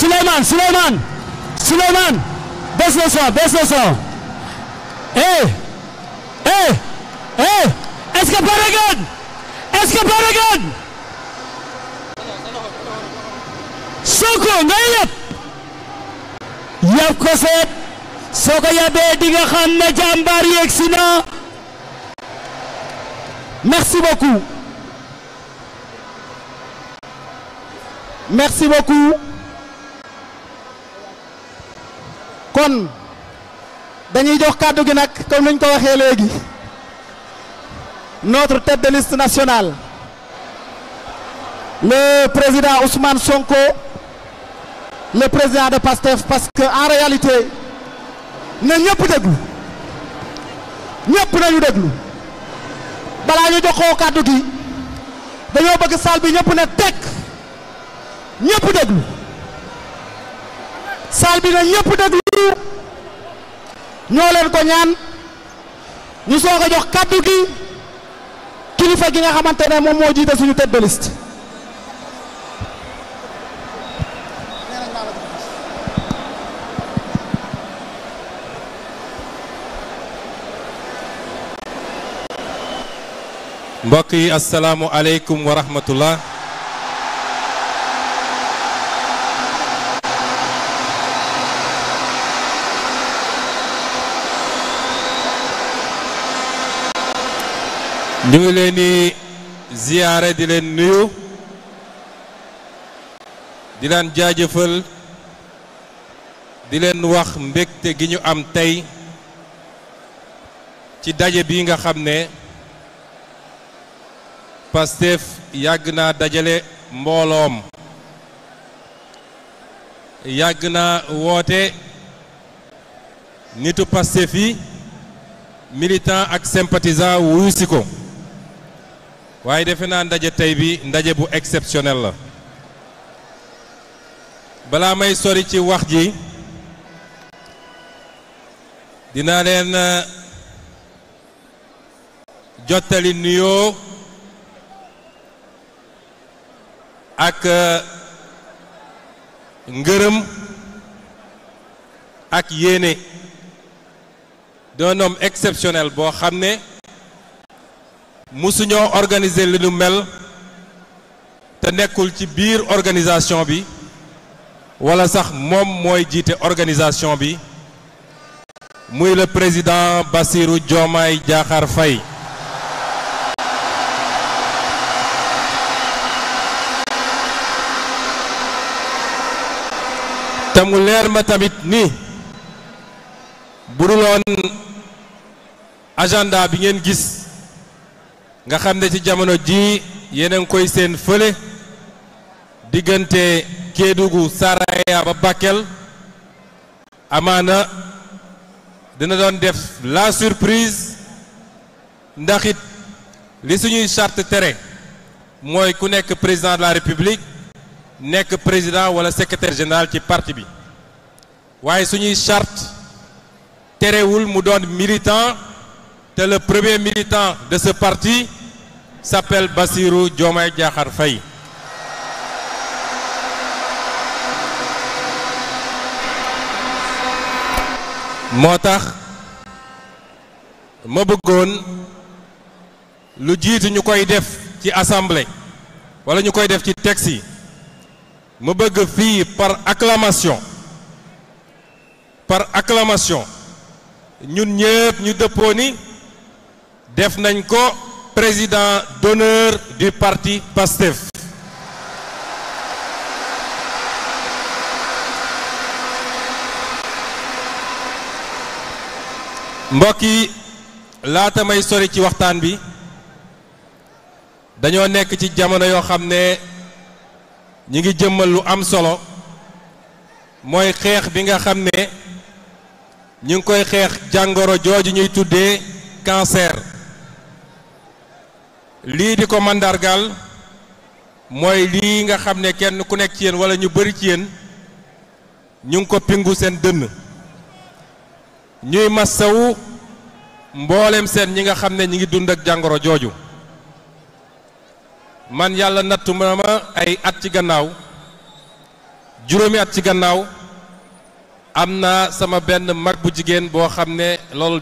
Souleymane Souleymane Souleymane baisse le son baisse le son eh eh eh est-ce que pare ngeen est-ce que pare ngeen Sonko ngay soo ko yàbbee di nga xam ne jàmbaar yeeg si na merci beaucoup kon dañuy jox kàddu gi nag comme ni ñu ko waxee léegi notre tête de liste nationale le président Ousmane Sonko le président de PASTEF parce que en réalité na ñëpp déglu ñëpp nañu déglu balaa ñu joxoo kàddu gi dañoo bëgg salle bi ñëpp ne tekk ñëpp déglu. saal bi na ñëpp déglu ñoo leen ko ñaan ñu soog a jox kàddu gi kilifa gi nga xamante ne moom moo jiite suñu tête de liste. mbokk yi asalaamualeykum wa rahmatullah ñu ngi leen di ziyaare di leen nuyu di leen jaajëfal di leen wax mbégte gi ñu am tey ci daje bi nga xam ne Pastef yàgg naa dajale mbooloom yàgg naa woote nitu Pastef yi militant ak sympathisant wuyu ko waaye defe naa ndaje tey bi ndaje bu exceptionnel la balaa may sori ci wax ji dinaa leen euh, jottali nuyoo ak euh, ngërëm ak yéene d'un homme exceptionnel boo xam ne musuñoo organiser li mel te nekkul ci biir organisation bi wala sax moom mooy jiite organisation bi muy le président Bassirou joomaay Diakhar fay te mu leer ma tamit ni bu duloon agenda bi ngeen gis nga xam ne ci jamono ji yéen a ngi koy seen fële diggante Kédougou Saraya ba Bakel amaana dina doon def la surprise ndax it li suñuy charte tere mooy ku nekk président de la république nekk président wala secretaire général ci parti bi waaye suñuy charte terewul mu doon militant te le premier militant de ce parti s'appelle Bassirou joomay Diakhar fay moo tax ma bëggoon lu jiitu ñu koy def ci assemblée wala ñu koy def ci texte yi ma bëgg fii par acclamation par acclamation ñun ñëpp ñu dëppoo ni def nañ ko président d'honneur du parti PASTEF mbokk yi laata may sori ci waxtaan bi dañoo nekk ci jamono yoo xam ne ñi ngi jëmmal lu am solo mooy xeex bi nga xam ne ñu ngi koy xeex jàngoro jooju ñuy tuddee cancer lii di ko mandargaal mooy lii nga xam ne kenn ku nekk ci yéen wala ñu bëri ci yéen ñu ngi ko pingu seen dënn ñuy massawu mboolem seen ñi nga xam ne ñi ngi dund ak jàngoro jooju man yàlla nattu ma ay at ci gannaaw juróomi at ci gannaaw am na sama benn mag bu jigéen boo xam ne loolu